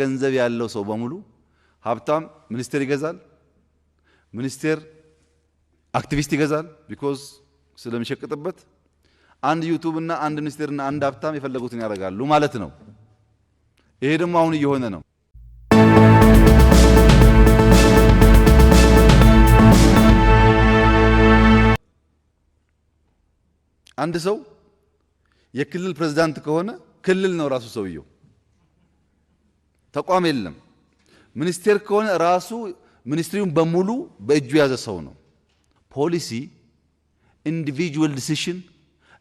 ገንዘብ ያለው ሰው በሙሉ ሀብታም ሚኒስቴር ይገዛል፣ ሚኒስቴር አክቲቪስት ይገዛል። ቢኮዝ ስለሚሸቅጥበት አንድ ዩቱብ እና አንድ ሚኒስቴር እና አንድ ሀብታም የፈለጉትን ያደርጋሉ ማለት ነው። ይሄ ደግሞ አሁን እየሆነ ነው። አንድ ሰው የክልል ፕሬዝዳንት ከሆነ ክልል ነው ራሱ ሰውየው። ተቋም የለም። ሚኒስቴር ከሆነ ራሱ ሚኒስትሪውን በሙሉ በእጁ የያዘ ሰው ነው። ፖሊሲ ኢንዲቪጁዋል ዲሲሽን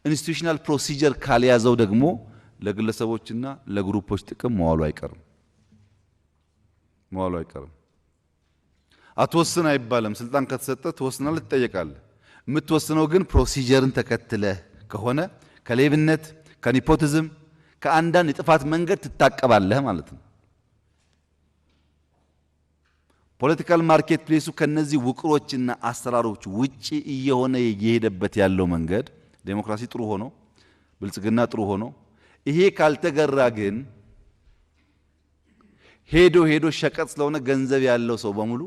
ኢንስቲቱሽናል ፕሮሲጀር ካልያዘው ደግሞ ለግለሰቦችና ለግሩፖች ጥቅም መዋሉ አይቀርም መዋሉ አይቀርም። አትወስን አይባልም። ስልጣን ከተሰጠ ትወስናለህ፣ ትጠየቃለህ። የምትወስነው ግን ፕሮሲጀርን ተከትለህ ከሆነ ከሌብነት ከኒፖቲዝም ከአንዳንድ የጥፋት መንገድ ትታቀባለህ ማለት ነው። ፖለቲካል ማርኬት ፕሌሱ ከነዚህ ውቅሮችና አሰራሮች ውጪ እየሆነ እየሄደበት ያለው መንገድ ዴሞክራሲ ጥሩ ሆኖ ብልጽግና ጥሩ ሆኖ ይሄ ካልተገራ ግን ሄዶ ሄዶ ሸቀጥ ስለሆነ ገንዘብ ያለው ሰው በሙሉ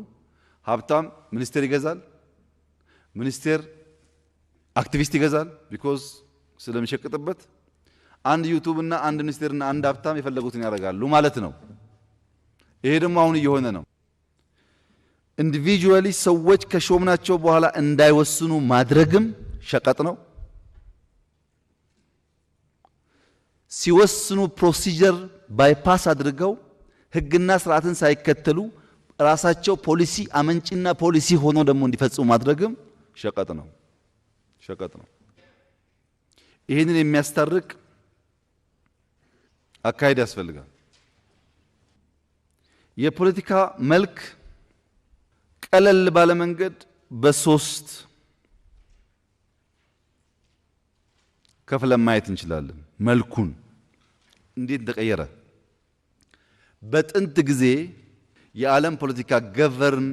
ሀብታም ሚኒስቴር ይገዛል፣ ሚኒስቴር አክቲቪስት ይገዛል። ቢኮዝ ስለሚሸቅጥበት አንድ ዩቱብ እና አንድ ሚኒስቴር እና አንድ ሀብታም የፈለጉትን ያደርጋሉ ማለት ነው። ይሄ ደግሞ አሁን እየሆነ ነው። ኢንዲቪጁዋሊ ሰዎች ከሾምናቸው በኋላ እንዳይወስኑ ማድረግም ሸቀጥ ነው። ሲወስኑ ፕሮሲጀር ባይፓስ አድርገው ህግና ስርዓትን ሳይከተሉ ራሳቸው ፖሊሲ አመንጭና ፖሊሲ ሆኖ ደግሞ እንዲፈጽሙ ማድረግም ሸቀጥ ነው ሸቀጥ ነው። ይህንን የሚያስታርቅ አካሄድ ያስፈልጋል። የፖለቲካ መልክ ቀለል ባለ መንገድ በሶስት ከፍለን ማየት እንችላለን። መልኩን እንዴት ተቀየረ? በጥንት ጊዜ የዓለም ፖለቲካ ገቨርን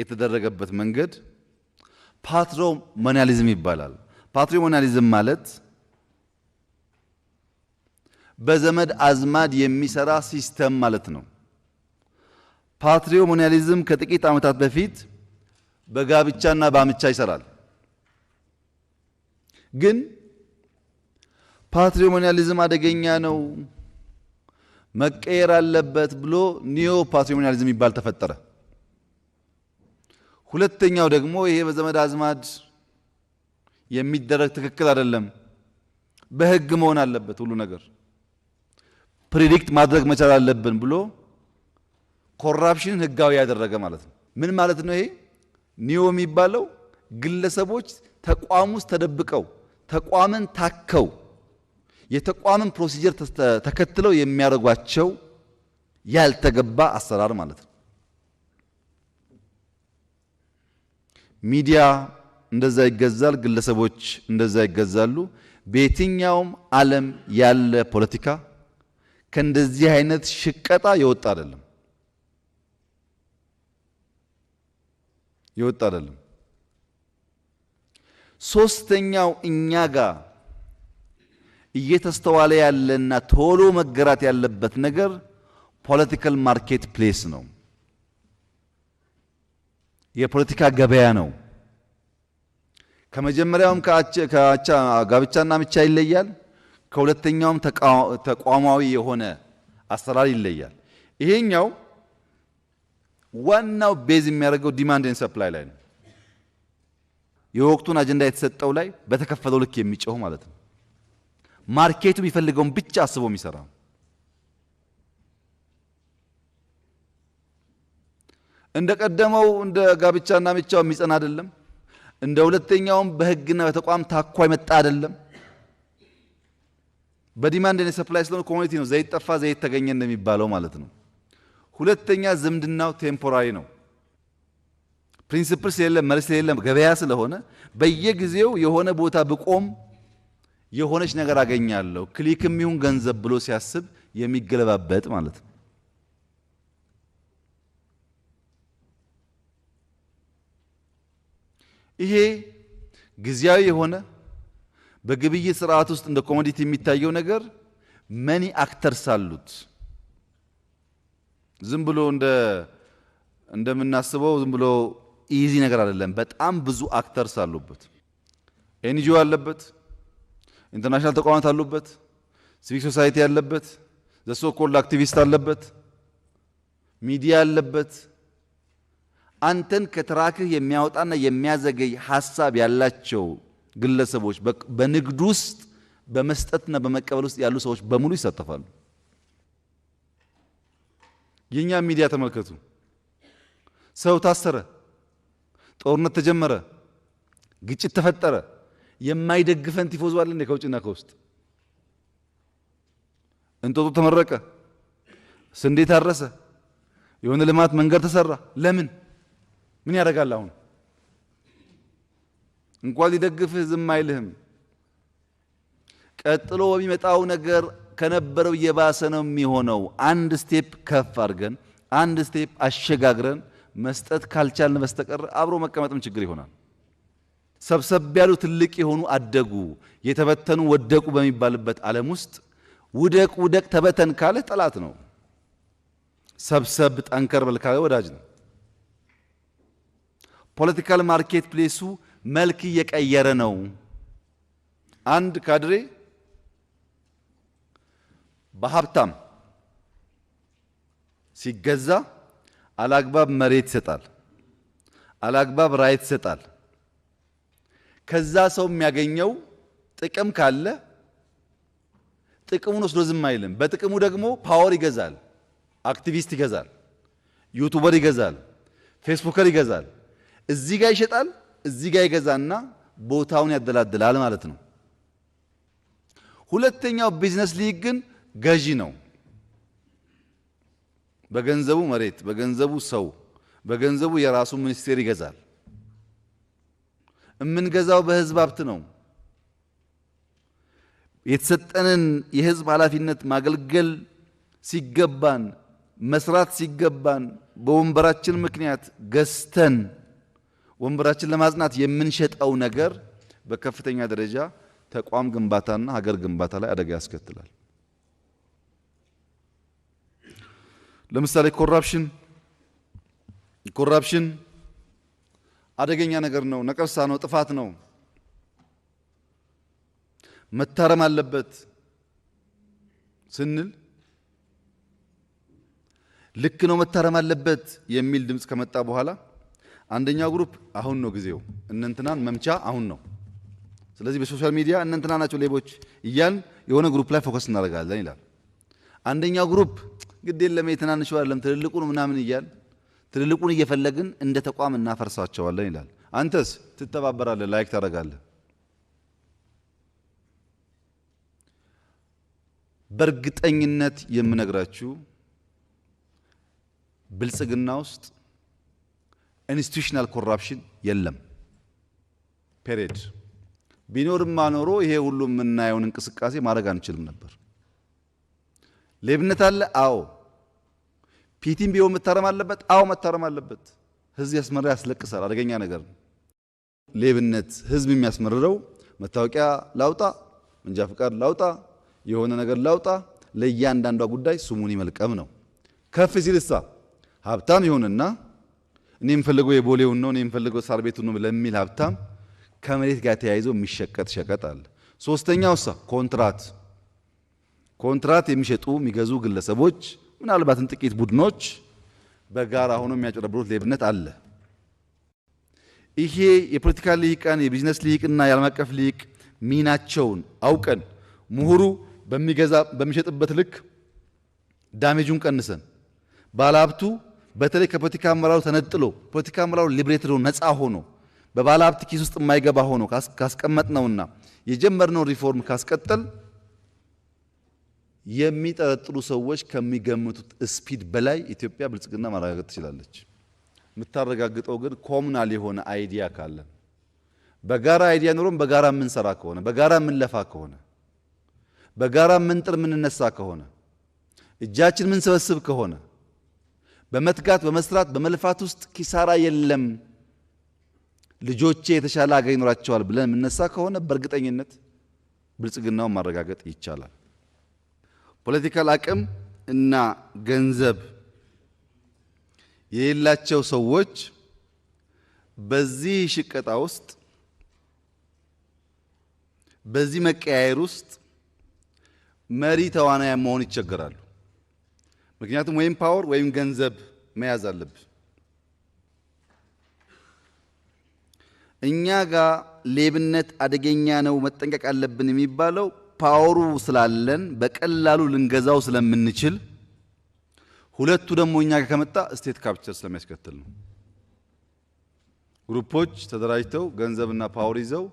የተደረገበት መንገድ ፓትሮሞኒያሊዝም ይባላል። ፓትሪሞኒያሊዝም ማለት በዘመድ አዝማድ የሚሰራ ሲስተም ማለት ነው። ፓትሪሞኒያሊዝም ከጥቂት ዓመታት በፊት በጋብቻና በአምቻ ይሰራል። ግን ፓትሪሞኒያሊዝም አደገኛ ነው፣ መቀየር አለበት ብሎ ኒዮ ፓትሪሞኒያሊዝም ይባል ተፈጠረ። ሁለተኛው ደግሞ ይሄ በዘመድ አዝማድ የሚደረግ ትክክል አይደለም፣ በህግ መሆን አለበት ሁሉ ነገር ፕሪዲክት ማድረግ መቻል አለብን ብሎ ኮራፕሽንን ህጋዊ ያደረገ ማለት ነው። ምን ማለት ነው ይሄ? ኒዮ የሚባለው ግለሰቦች ተቋም ውስጥ ተደብቀው ተቋምን ታከው የተቋምን ፕሮሲጀር ተከትለው የሚያደርጓቸው ያልተገባ አሰራር ማለት ነው። ሚዲያ እንደዛ ይገዛል፣ ግለሰቦች እንደዛ ይገዛሉ። በየትኛውም ዓለም ያለ ፖለቲካ ከእንደዚህ አይነት ሽቀጣ የወጣ አይደለም። የወጣ አይደለም። ሶስተኛው እኛ ጋር እየተስተዋለ ያለና ቶሎ መገራት ያለበት ነገር ፖለቲካል ማርኬት ፕሌስ ነው። የፖለቲካ ገበያ ነው። ከመጀመሪያውም ጋብቻና ምቻ ይለያል። ከሁለተኛውም ተቋማዊ የሆነ አሰራር ይለያል። ይሄኛው ዋናው ቤዝ የሚያደርገው ዲማንድ ዲማንድን ሰፕላይ ላይ ነው። የወቅቱን አጀንዳ የተሰጠው ላይ በተከፈለው ልክ የሚጮህ ማለት ነው። ማርኬቱ የሚፈልገውን ብቻ አስቦ የሚሰራ እንደ ቀደመው እንደ ጋብቻና ምቻው የሚጸና አይደለም። እንደ ሁለተኛውም በህግና በተቋም ታኳ ይመጣ አይደለም። በዲማንድ ሰፕላይ ስለሆነ ኮሚኒቲ ነው። ዘይት ጠፋ ዘይት ተገኘ እንደሚባለው ማለት ነው። ሁለተኛ ዝምድናው ቴምፖራሪ ነው። ፕሪንስፕልስ የለም መልስ የለም ገበያ ስለሆነ በየጊዜው የሆነ ቦታ ብቆም የሆነች ነገር አገኛለሁ ክሊክም ይሁን ገንዘብ ብሎ ሲያስብ የሚገለባበጥ ማለት ነው። ይሄ ጊዜያዊ የሆነ በግብይት ስርዓት ውስጥ እንደ ኮሞዲቲ የሚታየው ነገር መኒ አክተርስ አሉት። ዝም ብሎ እንደ እንደምናስበው ዝም ብሎ ኢዚ ነገር አይደለም። በጣም ብዙ አክተርስ አሉበት። ኤንጂኦ አለበት፣ ኢንተርናሽናል ተቋማት አሉበት፣ ሲቪክ ሶሳይቲ አለበት፣ ዘሶ አክቲቪስት አለበት፣ ሚዲያ አለበት። አንተን ከትራክህ የሚያወጣና የሚያዘገይ ሀሳብ ያላቸው ግለሰቦች በንግድ ውስጥ በመስጠትና በመቀበል ውስጥ ያሉ ሰዎች በሙሉ ይሳተፋሉ። የኛ ሚዲያ ተመልከቱ። ሰው ታሰረ፣ ጦርነት ተጀመረ፣ ግጭት ተፈጠረ። የማይደግፈን ቲፎዞ አለ እንዴ? ከውጭና ከውስጥ እንጦጦ ተመረቀ፣ ስንዴ ታረሰ፣ የሆነ ልማት መንገድ ተሰራ። ለምን ምን ያደርጋል? አሁን እንኳን ሊደግፍህ ዝም አይልህም። ቀጥሎ በሚመጣው ነገር ከነበረው የባሰ ነው የሚሆነው። አንድ ስቴፕ ከፍ አድርገን አንድ ስቴፕ አሸጋግረን መስጠት ካልቻልን በስተቀር አብሮ መቀመጥም ችግር ይሆናል። ሰብሰብ ያሉ ትልቅ የሆኑ አደጉ፣ የተበተኑ ወደቁ በሚባልበት ዓለም ውስጥ ውደቅ ውደቅ ተበተን ካለ ጠላት ነው። ሰብሰብ ጠንከር በል ካለ ወዳጅ ነው። ፖለቲካል ማርኬት ፕሌሱ መልክ እየቀየረ ነው። አንድ ካድሬ በሀብታም ሲገዛ አላግባብ መሬት ይሰጣል፣ አላግባብ ራይት ይሰጣል። ከዛ ሰው የሚያገኘው ጥቅም ካለ ጥቅሙን ወስዶ ዝም አይልም። በጥቅሙ ደግሞ ፓወር ይገዛል፣ አክቲቪስት ይገዛል፣ ዩቱበር ይገዛል፣ ፌስቡከር ይገዛል። እዚህ ጋር ይሸጣል፣ እዚህ ጋር ይገዛና ቦታውን ያደላድላል ማለት ነው። ሁለተኛው ቢዝነስ ሊግ ግን ገዢ ነው። በገንዘቡ መሬት፣ በገንዘቡ ሰው፣ በገንዘቡ የራሱ ሚኒስቴር ይገዛል። የምንገዛው በህዝብ ሀብት ነው። የተሰጠንን የህዝብ ኃላፊነት ማገልገል ሲገባን መስራት ሲገባን በወንበራችን ምክንያት ገዝተን ወንበራችን ለማጽናት የምንሸጠው ነገር በከፍተኛ ደረጃ ተቋም ግንባታና ሀገር ግንባታ ላይ አደጋ ያስከትላል። ለምሳሌ ኮራፕሽን ኮራፕሽን አደገኛ ነገር ነው፣ ነቀርሳ ነው፣ ጥፋት ነው፣ መታረም አለበት ስንል ልክ ነው መታረም አለበት የሚል ድምፅ ከመጣ በኋላ አንደኛው ግሩፕ አሁን ነው ጊዜው፣ እነንትናን መምቻ አሁን ነው፣ ስለዚህ በሶሻል ሚዲያ እነንትና ናቸው ሌቦች እያልን የሆነ ግሩፕ ላይ ፎከስ እናደርጋለን ይላል። አንደኛው ግሩፕ ግድ የለም የትናንሹ አይደለም ትልልቁን ምናምን እያል ትልልቁን እየፈለግን እንደ ተቋም እናፈርሳቸዋለን ይላል። አንተስ ትተባበራለህ፣ ላይክ ታደርጋለህ። በእርግጠኝነት የምነግራችሁ ብልጽግና ውስጥ ኢንስቲቱሽናል ኮራፕሽን የለም። ፔሬድ ቢኖርማ ኖሮ ይሄ ሁሉ የምናየውን እንቅስቃሴ ማድረግ አንችልም ነበር። ሌብነት አለ? አዎ። ፒቲም ቢሆን መታረም አለበት? አዎ፣ መታረም አለበት። ህዝብ ያስመራ ያስለቅሳል። አደገኛ ነገር ነው ሌብነት። ህዝብ የሚያስመርረው መታወቂያ ላውጣ፣ መንጃ ፍቃድ ላውጣ፣ የሆነ ነገር ላውጣ፣ ለእያንዳንዷ ጉዳይ ስሙን ይመልቀም ነው። ከፍ ሲልሳ ሀብታም ይሆንና እኔ የምፈልገው የቦሌውን ነው፣ እኔ የምፈልገው ሳር ቤቱን ነው ለሚል ሀብታም ከመሬት ጋር ተያይዞ የሚሸቀጥ ሸቀጥ አለ። ሶስተኛው ሳ ኮንትራት ኮንትራት የሚሸጡ የሚገዙ ግለሰቦች ምናልባትም ጥቂት ቡድኖች በጋራ ሆኖ የሚያጨረብሩት ሌብነት አለ። ይሄ የፖለቲካ ልሂቃን የቢዝነስ ልሂቅና የዓለም አቀፍ ልሂቅ ሚናቸውን አውቀን ምሁሩ በሚገዛ በሚሸጥበት ልክ ዳሜጁን ቀንሰን ባለሀብቱ በተለይ ከፖለቲካ አመራሩ ተነጥሎ ፖለቲካ አመራሩ ሊብሬትዶ ነፃ ሆኖ በባለሀብት ኪስ ውስጥ የማይገባ ሆኖ ካስቀመጥነውና የጀመርነው ሪፎርም ካስቀጠል የሚጠረጥሩ ሰዎች ከሚገምቱት ስፒድ በላይ ኢትዮጵያ ብልጽግና ማረጋገጥ ትችላለች። የምታረጋግጠው ግን ኮሙናል የሆነ አይዲያ ካለን በጋራ አይዲያ ኖሮም በጋራ የምንሰራ ከሆነ በጋራ የምንለፋ ከሆነ በጋራ የምንጥር የምንነሳ ከሆነ እጃችን የምንሰበስብ ከሆነ በመትጋት በመስራት በመልፋት ውስጥ ኪሳራ የለም፣ ልጆቼ የተሻለ አገር ይኖራቸዋል ብለን የምነሳ ከሆነ በእርግጠኝነት ብልጽግናውን ማረጋገጥ ይቻላል። ፖለቲካል አቅም እና ገንዘብ የሌላቸው ሰዎች በዚህ ሽቀጣ ውስጥ በዚህ መቀያየር ውስጥ መሪ ተዋናያን መሆን ይቸገራሉ። ምክንያቱም ወይም ፓወር ወይም ገንዘብ መያዝ አለብ። እኛ ጋር ሌብነት አደገኛ ነው መጠንቀቅ አለብን የሚባለው ፓወሩ ስላለን በቀላሉ ልንገዛው ስለምንችል፣ ሁለቱ ደግሞ እኛ ጋር ከመጣ ስቴት ካፕቸር ስለሚያስከትል ነው። ግሩፖች ተደራጅተው ገንዘብና ፓወር ይዘው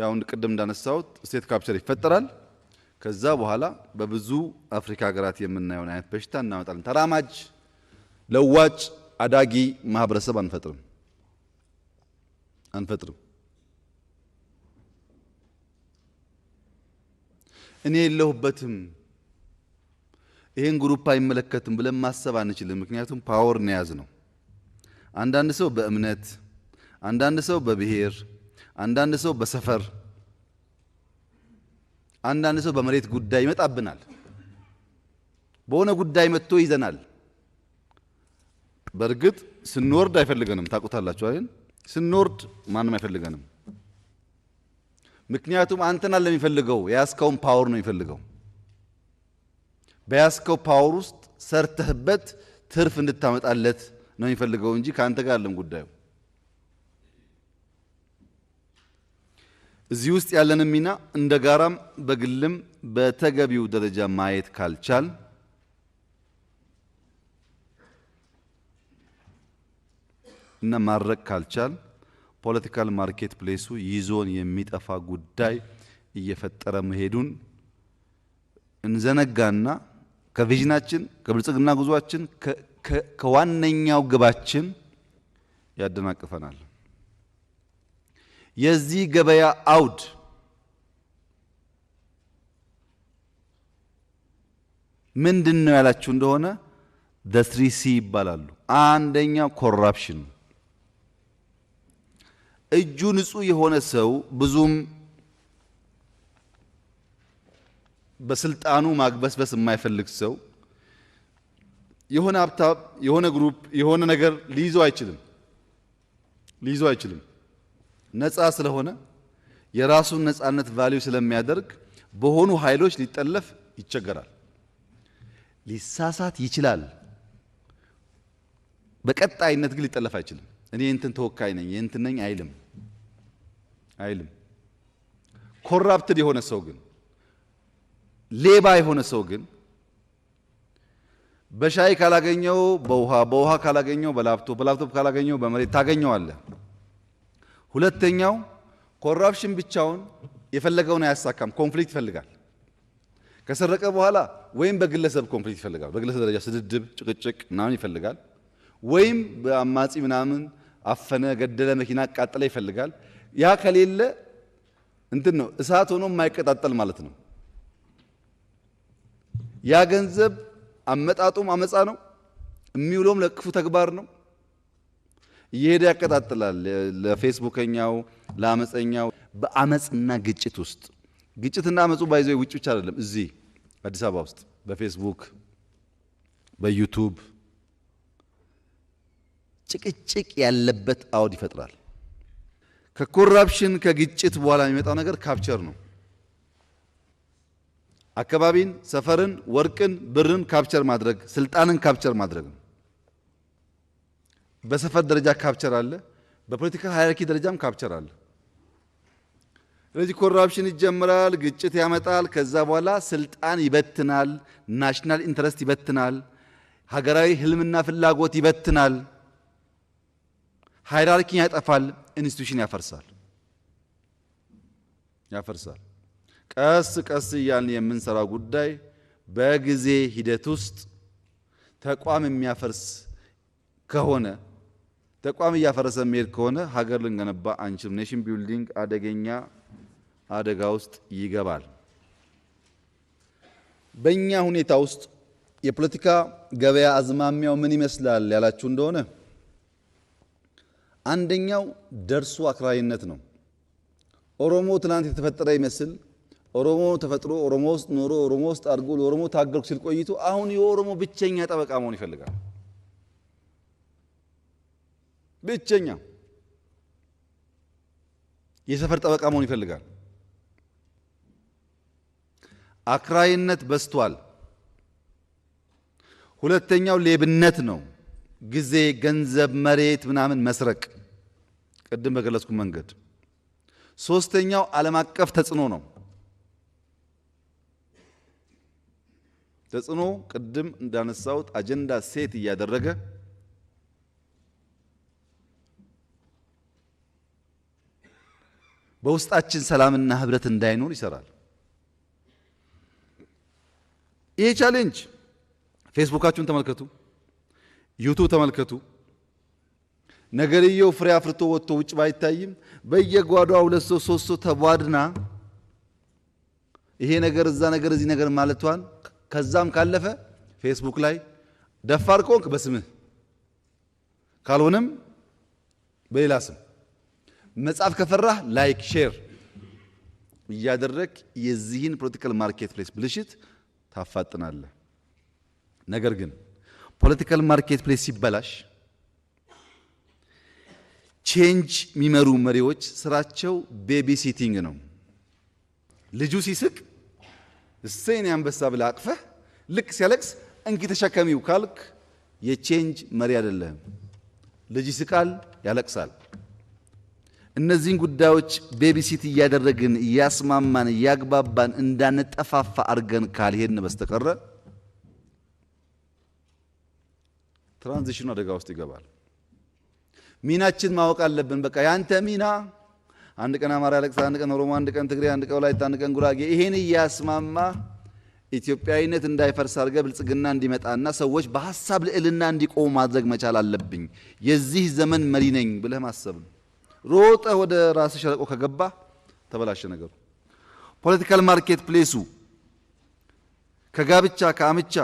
ያው ቅድም እንዳነሳሁት ስቴት ካፕቸር ይፈጠራል። ከዛ በኋላ በብዙ አፍሪካ ሀገራት የምናየውን አይነት በሽታ እናመጣለን። ተራማጅ ለዋጭ አዳጊ ማህበረሰብ አንፈጥርም አንፈጥርም። እኔ የለሁበትም ይህን ግሩፕ አይመለከትም ብለን ማሰብ አንችልም። ምክንያቱም ፓወር ነያዝ የያዝ ነው። አንዳንድ ሰው በእምነት፣ አንዳንድ ሰው በብሔር፣ አንዳንድ ሰው በሰፈር፣ አንዳንድ ሰው በመሬት ጉዳይ ይመጣብናል። በሆነ ጉዳይ መጥቶ ይዘናል። በእርግጥ ስንወርድ አይፈልገንም። ታውቁታላችሁ አይደል? ስንወርድ ማንም አይፈልገንም። ምክንያቱም አንተን አለ የሚፈልገው የያዝከውን ፓወር ነው የሚፈልገው። በያዝከው ፓወር ውስጥ ሰርተህበት ትርፍ እንድታመጣለት ነው የሚፈልገው እንጂ ከአንተ ጋር አለም ጉዳዩ። እዚህ ውስጥ ያለን ሚና እንደ ጋራም በግልም በተገቢው ደረጃ ማየት ካልቻል እና ማድረግ ካልቻል ፖለቲካል ማርኬት ፕሌሱ ይዞን የሚጠፋ ጉዳይ እየፈጠረ መሄዱን እንዘነጋና ከቪዥናችን ከብልጽግና ጉዟችን ከዋነኛው ግባችን ያደናቅፈናል። የዚህ ገበያ አውድ ምንድን ነው ያላችሁ እንደሆነ ደስሪሲ ይባላሉ። አንደኛው ኮራፕሽን እጁ ንጹህ የሆነ ሰው ብዙም በስልጣኑ ማግበስበስ የማይፈልግ ሰው የሆነ ሀብታም የሆነ ግሩፕ የሆነ ነገር ሊይዘው አይችልም ሊይዘው አይችልም። ነፃ ስለሆነ የራሱን ነፃነት ቫሊዩ ስለሚያደርግ በሆኑ ኃይሎች ሊጠለፍ ይቸገራል። ሊሳሳት ይችላል። በቀጣይነት ግን ሊጠለፍ አይችልም። እኔ የእንትን ተወካይ ነኝ የእንትን ነኝ አይልም አይልም። ኮራፕትድ የሆነ ሰው ግን ሌባ የሆነ ሰው ግን በሻይ ካላገኘው በውሃ በውሃ ካላገኘው በላፕቶፕ በላፕቶፕ ካላገኘው በመሬት ታገኘዋለህ። ሁለተኛው ኮራፕሽን ብቻውን የፈለገውን አያሳካም። ኮንፍሊክት ይፈልጋል። ከሰረቀ በኋላ ወይም በግለሰብ ኮንፍሊክት ይፈልጋል፣ በግለሰብ ደረጃ ስድድብ፣ ጭቅጭቅ ምናምን ይፈልጋል። ወይም በአማጺ ምናምን አፈነ፣ ገደለ፣ መኪና አቃጠለ ይፈልጋል። ያ ከሌለ እንትን ነው እሳት ሆኖ የማይቀጣጠል ማለት ነው። ያ ገንዘብ አመጣጡም አመፃ ነው፣ የሚውለውም ለክፉ ተግባር ነው። እየሄደ ያቀጣጥላል። ለፌስቡከኛው፣ ለአመፀኛው በአመፅና ግጭት ውስጥ ግጭትና አመፁ ባይዘ ውጭ ብቻ አይደለም፣ እዚህ አዲስ አበባ ውስጥ በፌስቡክ በዩቱብ ጭቅጭቅ ያለበት አውድ ይፈጥራል። ከኮራፕሽን ከግጭት በኋላ የሚመጣው ነገር ካፕቸር ነው። አካባቢን፣ ሰፈርን፣ ወርቅን፣ ብርን ካፕቸር ማድረግ፣ ስልጣንን ካፕቸር ማድረግ ነው። በሰፈር ደረጃ ካፕቸር አለ። በፖለቲካል ሃይራርኪ ደረጃም ካፕቸር አለ። ስለዚህ ኮራፕሽን ይጀምራል፣ ግጭት ያመጣል። ከዛ በኋላ ስልጣን ይበትናል፣ ናሽናል ኢንተረስት ይበትናል፣ ሀገራዊ ህልምና ፍላጎት ይበትናል። ሃይራርኪን ያጠፋል፣ ኢንስቲቱሽን ያፈርሳል ያፈርሳል። ቀስ ቀስ እያልን የምንሰራው ጉዳይ በጊዜ ሂደት ውስጥ ተቋም የሚያፈርስ ከሆነ ተቋም እያፈረሰ የሚሄድ ከሆነ ሀገር ልንገነባ አንችልም። ኔሽን ቢልዲንግ አደገኛ አደጋ ውስጥ ይገባል። በእኛ ሁኔታ ውስጥ የፖለቲካ ገበያ አዝማሚያው ምን ይመስላል ያላችሁ እንደሆነ አንደኛው ደርሱ አክራሪነት ነው። ኦሮሞ ትናንት የተፈጠረ ይመስል ኦሮሞ ተፈጥሮ ኦሮሞ ውስጥ ኖሮ ኦሮሞ ውስጥ አድጎ ለኦሮሞ ታገልኩ ሲል ቆይቶ አሁን የኦሮሞ ብቸኛ ጠበቃ መሆን ይፈልጋል። ብቸኛ የሰፈር ጠበቃ መሆን ይፈልጋል። አክራይነት በስቷል ሁለተኛው ሌብነት ነው። ጊዜ፣ ገንዘብ፣ መሬት ምናምን መስረቅ ቅድም በገለጽኩ መንገድ። ሶስተኛው ዓለም አቀፍ ተጽዕኖ ነው። ተጽዕኖ ቅድም እንዳነሳሁት አጀንዳ ሴት እያደረገ በውስጣችን ሰላምና ህብረት እንዳይኖር ይሰራል። ይሄ ቻሌንጅ ፌስቡካችሁን ተመልከቱ፣ ዩቱብ ተመልከቱ። ነገርየው ፍሬ አፍርቶ ወጥቶ ውጭ ባይታይም በየጓዷ ሁለት ሰው ሶስት ሰው ተቧድና ይሄ ነገር እዛ ነገር እዚህ ነገር ማለቷን ከዛም ካለፈ ፌስቡክ ላይ ደፋር ከሆንክ በስምህ ካልሆነም በሌላ ስም መጽሐፍ ከፈራህ ላይክ ሼር እያደረግ የዚህን ፖለቲካል ማርኬት ፕሌስ ብልሽት ታፋጥናለህ። ነገር ግን ፖለቲካል ማርኬት ፕሌስ ሲበላሽ ቼንጅ የሚመሩ መሪዎች ስራቸው ቤቢ ሲቲንግ ነው። ልጁ ሲስቅ እሰይ አንበሳ ብለህ አቅፈህ፣ ልክ ሲያለቅስ እንኪ ተሸከሚው ካልክ የቼንጅ መሪ አይደለም። ልጅ ይስቃል፣ ያለቅሳል። እነዚህን ጉዳዮች ቤቢሲት እያደረግን እያስማማን እያግባባን እንዳንጠፋፋ አድርገን ካልሄድን በስተቀረ ትራንዚሽኑ አደጋ ውስጥ ይገባል። ሚናችን ማወቅ አለብን። በቃ ያንተ ሚና አንድ ቀን አማራ ያለቅሳል፣ አንድ ቀን ኦሮሞ፣ አንድ ቀን ትግሬ፣ አንድ ቀን ወላይታ፣ አንድ ቀን ጉራጌ። ይሄን እያስማማ ኢትዮጵያዊነት እንዳይፈርስ አድርገ ብልጽግና እንዲመጣና ሰዎች በሀሳብ ልዕልና እንዲቆሙ ማድረግ መቻል አለብኝ የዚህ ዘመን መሪ ነኝ ብለህ ማሰብ ነው። ሮጠ ወደ ራስ ሸለቆ ከገባ ተበላሸ ነገሩ። ፖለቲካል ማርኬት ፕሌሱ ከጋብቻ ከአምቻ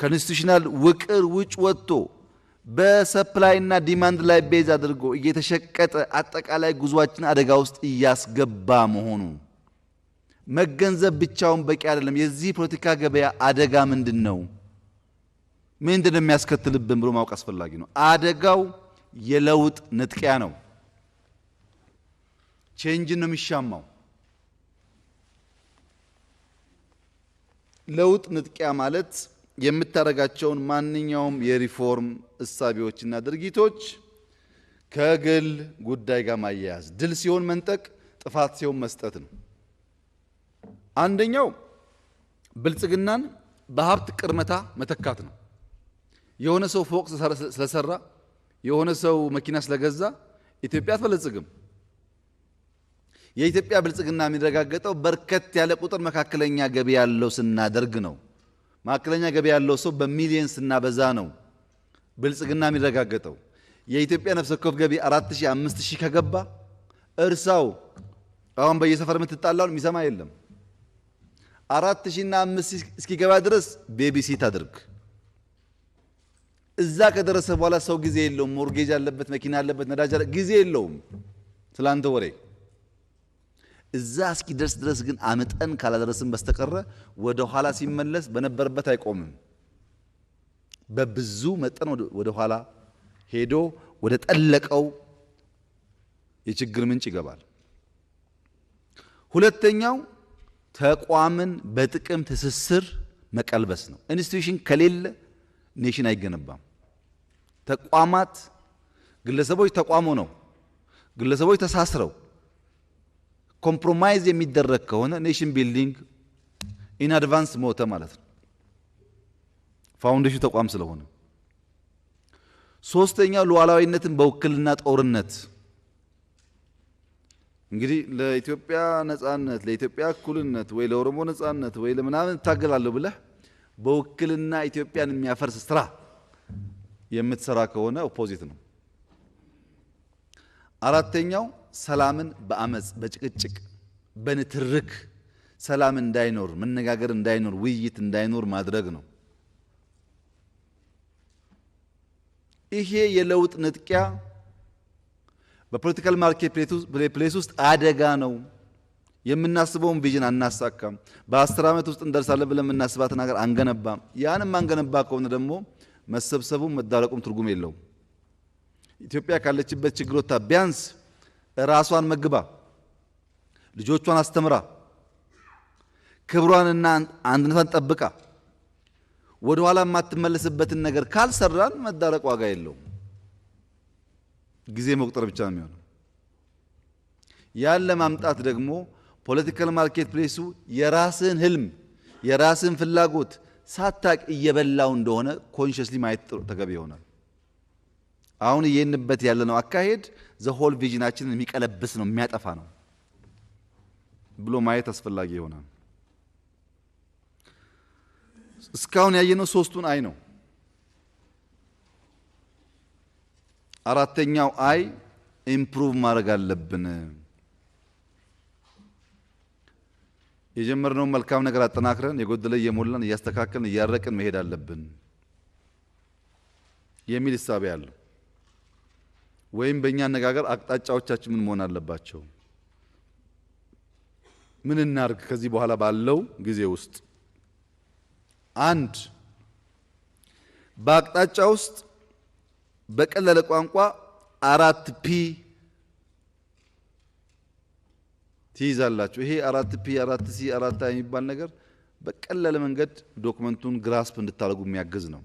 ከኢንስቲቱሽናል ውቅር ውጭ ወጥቶ በሰፕላይና ዲማንድ ላይ ቤዝ አድርጎ እየተሸቀጠ አጠቃላይ ጉዟችን አደጋ ውስጥ እያስገባ መሆኑ መገንዘብ ብቻውን በቂ አይደለም። የዚህ ፖለቲካ ገበያ አደጋ ምንድን ነው? ምንድን የሚያስከትልብን ብሎ ማወቅ አስፈላጊ ነው። አደጋው የለውጥ ንጥቂያ ነው። ቼንጅን ነው የሚሻማው። ለውጥ ንጥቂያ ማለት የምታደርጋቸውን ማንኛውም የሪፎርም እሳቤዎችና ድርጊቶች ከግል ጉዳይ ጋር ማያያዝ፣ ድል ሲሆን መንጠቅ፣ ጥፋት ሲሆን መስጠት ነው። አንደኛው ብልጽግናን በሀብት ቅርመታ መተካት ነው። የሆነ ሰው ፎቅ ስለሰራ፣ የሆነ ሰው መኪና ስለገዛ ኢትዮጵያ አትበለጽግም። የኢትዮጵያ ብልጽግና የሚረጋገጠው በርከት ያለ ቁጥር መካከለኛ ገቢ ያለው ስናደርግ ነው። መካከለኛ ገቢ ያለው ሰው በሚሊየን ስናበዛ ነው ብልጽግና የሚረጋገጠው። የኢትዮጵያ ነፍሰ ወከፍ ገቢ አራት ሺህ አምስት ሺህ ከገባ እርሳው አሁን በየሰፈር የምትጣላውን የሚሰማ የለም። አራት ሺህና አምስት ሺህ እስኪገባ ድረስ ቤቢሲት አድርግ። እዛ ከደረሰ በኋላ ሰው ጊዜ የለውም። ሞርጌጅ አለበት፣ መኪና አለበት፣ ነዳጅ ጊዜ የለውም። ስለ ወሬ እዛ እስኪደርስ ድረስ ግን አምጠን ካላደረስን በስተቀረ ወደ ኋላ ሲመለስ በነበረበት አይቆምም። በብዙ መጠን ወደ ኋላ ሄዶ ወደ ጠለቀው የችግር ምንጭ ይገባል። ሁለተኛው ተቋምን በጥቅም ትስስር መቀልበስ ነው። ኢንስቲትዩሽን ከሌለ ኔሽን አይገነባም። ተቋማት ግለሰቦች ተቋሙ ነው። ግለሰቦች ተሳስረው ኮምፕሮማይዝ የሚደረግ ከሆነ ኔሽን ቢልዲንግ ኢን አድቫንስ ሞተ ማለት ነው። ፋውንዴሽን ተቋም ስለሆነ ሶስተኛው ሉዓላዊነትን በውክልና ጦርነት እንግዲህ ለኢትዮጵያ ነጻነት፣ ለኢትዮጵያ እኩልነት ወይ ለኦሮሞ ነጻነት ወይ ለምናምን እታገላለሁ ብለህ በውክልና ኢትዮጵያን የሚያፈርስ ስራ የምትሰራ ከሆነ ኦፖዚት ነው። አራተኛው ሰላምን በአመፅ በጭቅጭቅ በንትርክ ሰላም እንዳይኖር መነጋገር እንዳይኖር ውይይት እንዳይኖር ማድረግ ነው። ይሄ የለውጥ ንጥቂያ በፖለቲካል ማርኬት ፕሌስ ውስጥ አደጋ ነው። የምናስበውን ቪዥን አናሳካም። በአስር ዓመት ውስጥ እንደርሳለን ብለን የምናስባትን ሀገር አንገነባም። ያንም አንገነባ ከሆነ ደግሞ መሰብሰቡም መዳረቁም ትርጉም የለውም። ኢትዮጵያ ካለችበት ችግሮታ ቢያንስ ራሷን መግባ ልጆቿን አስተምራ ክብሯንና አንድነቷን ጠብቃ ወደ ኋላ የማትመለስበትን ነገር ካልሰራን መዳረቅ ዋጋ የለውም። ጊዜ መቁጠር ብቻ ነው የሚሆነው። ያን ለማምጣት ደግሞ ፖለቲካል ማርኬት ፕሌሱ የራስን ህልም የራስን ፍላጎት ሳታቅ እየበላው እንደሆነ ኮንሽስሊ ማየት ተገቢ ይሆናል። አሁን እየንበት ያለነው አካሄድ ዘሆል ቪዥናችንን የሚቀለብስ ነው የሚያጠፋ ነው ብሎ ማየት አስፈላጊ ይሆናል። እስካሁን ያየነው ሶስቱን አይ ነው። አራተኛው አይ ኢምፕሩቭ ማድረግ አለብን። የጀመርነውን መልካም ነገር አጠናክረን የጎደለ እየሞላን እያስተካከልን እያረቅን መሄድ አለብን የሚል እሳቤ አለው። ወይም በእኛ አነጋገር አቅጣጫዎቻችን ምን መሆን አለባቸው? ምን እናርግ ከዚህ በኋላ ባለው ጊዜ ውስጥ? አንድ በአቅጣጫ ውስጥ በቀለለ ቋንቋ አራት ፒ ትይዛላችሁ። ይሄ አራት ፒ አራት ሲ አራት አይ የሚባል ነገር በቀለለ መንገድ ዶክመንቱን ግራስፕ እንድታደርጉ የሚያግዝ ነው።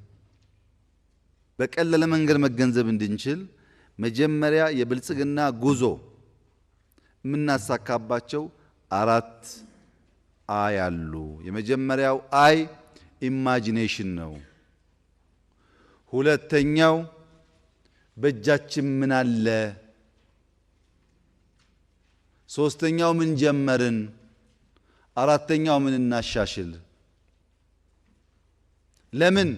በቀለለ መንገድ መገንዘብ እንድንችል መጀመሪያ የብልጽግና ጉዞ የምናሳካባቸው አራት አይ አሉ። የመጀመሪያው አይ ኢማጂኔሽን ነው። ሁለተኛው በእጃችን ምን አለ፣ ሶስተኛው ምን ጀመርን፣ አራተኛው ምን እናሻሽል። ለምን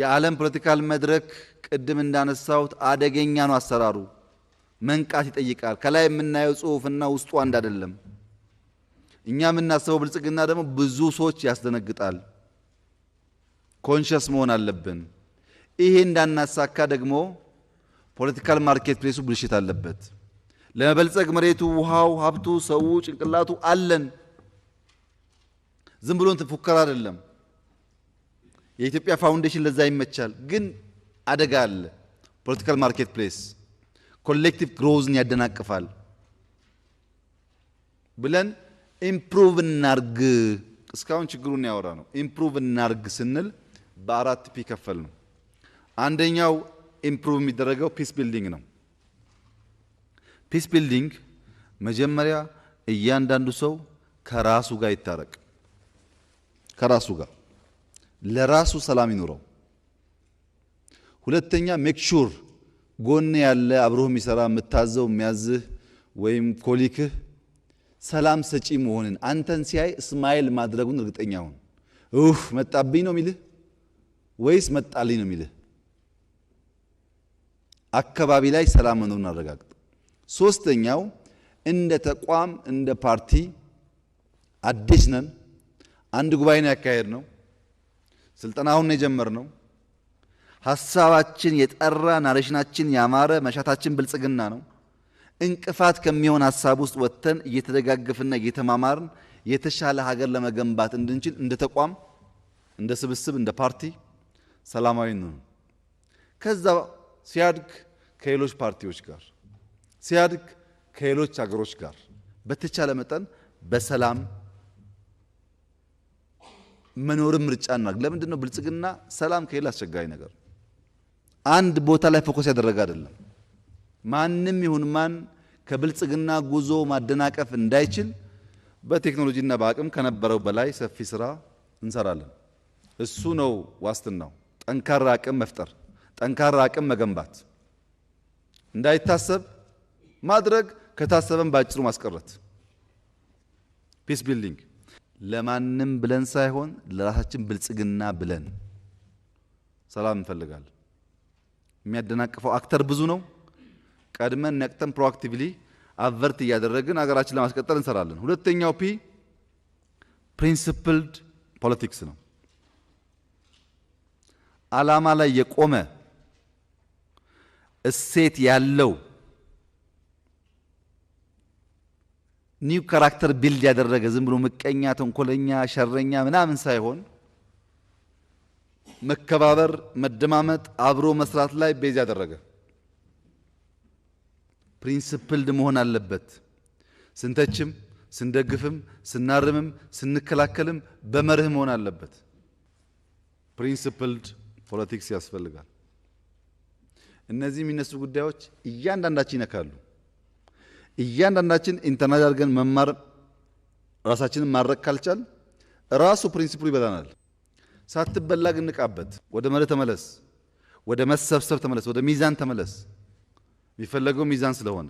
የዓለም ፖለቲካል መድረክ ቅድም እንዳነሳሁት አደገኛ ነው አሰራሩ። መንቃት ይጠይቃል። ከላይ የምናየው ጽሁፍና ውስጡ አንድ አይደለም። እኛ የምናስበው ብልጽግና ደግሞ ብዙ ሰዎች ያስደነግጣል። ኮንሽስ መሆን አለብን። ይሄ እንዳናሳካ ደግሞ ፖለቲካል ማርኬት ፕሌሱ ብልሽት አለበት። ለመበልጸግ መሬቱ፣ ውሃው፣ ሀብቱ፣ ሰው፣ ጭንቅላቱ አለን። ዝም ብሎን ፉከራ አይደለም። የኢትዮጵያ ፋውንዴሽን ለዛ ይመቻል። ግን አደጋ አለ። ፖለቲካል ማርኬት ፕሌስ ኮሌክቲቭ ግሮዝን ያደናቅፋል ብለን ኢምፕሩቭ እናርግ። እስካሁን ችግሩን ያወራ ነው። ኢምፕሩቭ እናርግ ስንል በአራት ፒ ከፈል ነው። አንደኛው ኢምፕሩቭ የሚደረገው ፒስ ቢልዲንግ ነው። ፒስ ቢልዲንግ መጀመሪያ እያንዳንዱ ሰው ከራሱ ጋር ይታረቅ ከራሱ ጋር ለራሱ ሰላም ይኑረው። ሁለተኛ ሜክሹር ጎን ያለ አብሮህ የሚሰራ የምታዘው የሚያዝህ ወይም ኮሊክህ ሰላም ሰጪ መሆንን አንተን ሲያይ እስማኤል ማድረጉን እርግጠኛ ሁን። ኡፍ መጣብኝ ነው የሚልህ ወይስ መጣልኝ ነው የሚልህ? አካባቢ ላይ ሰላም መኖሩን አረጋግጥ። ሶስተኛው እንደ ተቋም እንደ ፓርቲ አዲስ ነን። አንድ ጉባኤ ነው ያካሄድ ነው ስልጠናውን የጀመር ነው። ሀሳባችን የጠራ ናሬሽናችን ያማረ መሻታችን ብልጽግና ነው። እንቅፋት ከሚሆን ሀሳብ ውስጥ ወጥተን እየተደጋግፍና እየተማማርን የተሻለ ሀገር ለመገንባት እንድንችል እንደ ተቋም፣ እንደ ስብስብ፣ እንደ ፓርቲ ሰላማዊ ነው። ከዛ ሲያድግ ከሌሎች ፓርቲዎች ጋር ሲያድግ ከሌሎች ሀገሮች ጋር በተቻለ መጠን በሰላም መኖርም ምርጫ እናድርግ። ለምንድን ነው ብልጽግና ሰላም ከሌለ አስቸጋሪ ነገር አንድ ቦታ ላይ ፎከስ ያደረገ አይደለም። ማንም ይሁን ማን ከብልጽግና ጉዞ ማደናቀፍ እንዳይችል በቴክኖሎጂና በአቅም ከነበረው በላይ ሰፊ ስራ እንሰራለን። እሱ ነው ዋስትናው። ጠንካራ አቅም መፍጠር፣ ጠንካራ አቅም መገንባት፣ እንዳይታሰብ ማድረግ፣ ከታሰበም በአጭሩ ማስቀረት ፒስ ቢልዲንግ ለማንም ብለን ሳይሆን ለራሳችን ብልጽግና ብለን ሰላም እንፈልጋለን። የሚያደናቅፈው አክተር ብዙ ነው። ቀድመን ነቅተን ፕሮአክቲቭሊ አቨርት እያደረግን ሀገራችን ለማስቀጠል እንሰራለን። ሁለተኛው ፒ ፕሪንስፕልድ ፖለቲክስ ነው። አላማ ላይ የቆመ እሴት ያለው ኒው ካራክተር ቢልድ ያደረገ ዝም ብሎ ምቀኛ፣ ተንኮለኛ፣ ሸረኛ ምናምን ሳይሆን መከባበር፣ መደማመጥ፣ አብሮ መስራት ላይ ቤዝ ያደረገ ፕሪንስፕልድ መሆን አለበት። ስንተችም፣ ስንደግፍም፣ ስናርምም፣ ስንከላከልም በመርህ መሆን አለበት። ፕሪንስፕልድ ፖለቲክስ ያስፈልጋል። እነዚህ የሚነሱ ጉዳዮች እያንዳንዳችን ይነካሉ። እያንዳንዳችን ኢንተርናል አድርገን መማር ራሳችንን ማድረግ ካልቻል ራሱ ፕሪንሲፕሉ ይበላናል። ሳትበላግ እንቃበት። ወደ መርህ ተመለስ፣ ወደ መሰብሰብ ተመለስ፣ ወደ ሚዛን ተመለስ። የሚፈለገው ሚዛን ስለሆነ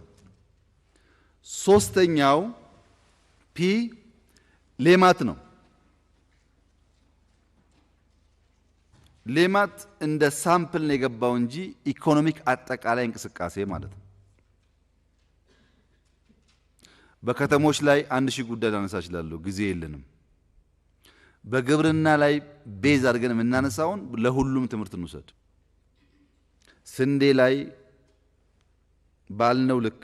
ሶስተኛው ፒ ሌማት ነው። ሌማት እንደ ሳምፕል ነው የገባው እንጂ ኢኮኖሚክ አጠቃላይ እንቅስቃሴ ማለት ነው። በከተሞች ላይ አንድ ሺህ ጉዳይ ላነሳ እችላለሁ፣ ጊዜ የለንም። በግብርና ላይ ቤዝ አድርገን የምናነሳውን ለሁሉም ትምህርት እንውሰድ። ስንዴ ላይ ባልነው ልክ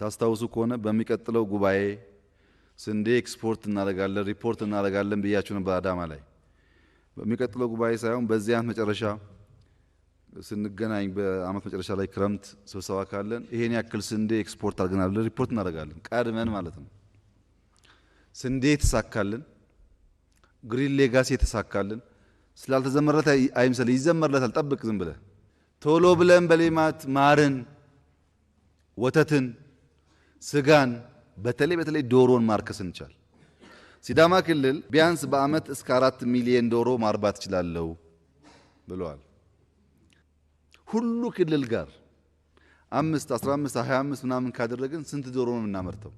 ታስታውሱ ከሆነ በሚቀጥለው ጉባኤ ስንዴ ኤክስፖርት እናደርጋለን ሪፖርት እናደርጋለን ብያችሁ ነበር አዳማ ላይ። በሚቀጥለው ጉባኤ ሳይሆን በዚህ ዓመት መጨረሻ ስንገናኝ በአመት መጨረሻ ላይ ክረምት ስብሰባ ካለን ይሄን ያክል ስንዴ ኤክስፖርት አድርገናል ሪፖርት እናደርጋለን። ቀድመን ማለት ነው። ስንዴ የተሳካልን፣ ግሪን ሌጋሲ የተሳካልን ስላልተዘመረለት አይምሰል። ይዘመርለታል። ጠብቅ ዝም ብለ ቶሎ ብለን በሌማት ማርን፣ ወተትን፣ ስጋን በተለይ በተለይ ዶሮን ማርከስ እንቻል። ሲዳማ ክልል ቢያንስ በአመት እስከ አራት ሚሊየን ዶሮ ማርባት እችላለሁ ብለዋል። ሁሉ ክልል ጋር አምስት 15 25 ምናምን ካደረግን ስንት ዶሮ ነው የምናመርተው?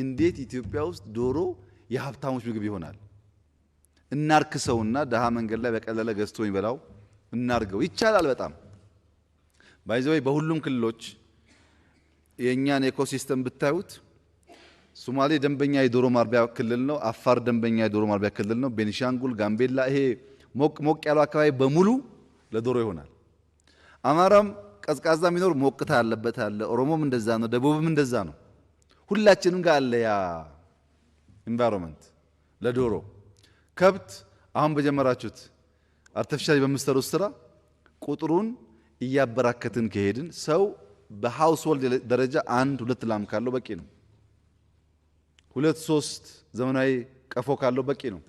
እንዴት ኢትዮጵያ ውስጥ ዶሮ የሀብታሞች ምግብ ይሆናል? እናርክሰውና ደሃ መንገድ ላይ በቀለለ ገዝቶ የሚበላው እናርገው። ይቻላል። በጣም ባይዘወይ በሁሉም ክልሎች የእኛን ኤኮሲስተም ብታዩት ሶማሌ ደንበኛ የዶሮ ማርቢያ ክልል ነው። አፋር ደንበኛ የዶሮ ማርቢያ ክልል ነው። ቤኒሻንጉል፣ ጋምቤላ፣ ይሄ ሞቅ ሞቅ ያለው አካባቢ በሙሉ ለዶሮ ይሆናል። አማራም ቀዝቃዛ የሚኖር ሞቅታ አለበት አለ። ኦሮሞም እንደዛ ነው፣ ደቡብም እንደዛ ነው። ሁላችንም ጋር አለ ያ ኢንቫይሮንመንት ለዶሮ ከብት። አሁን በጀመራችሁት አርቲፊሻል በምትሰሩት ስራ ቁጥሩን እያበራከትን ከሄድን ሰው በሃውስሆልድ ደረጃ አንድ ሁለት ላም ካለው በቂ ነው። ሁለት ሶስት ዘመናዊ ቀፎ ካለው በቂ ነው።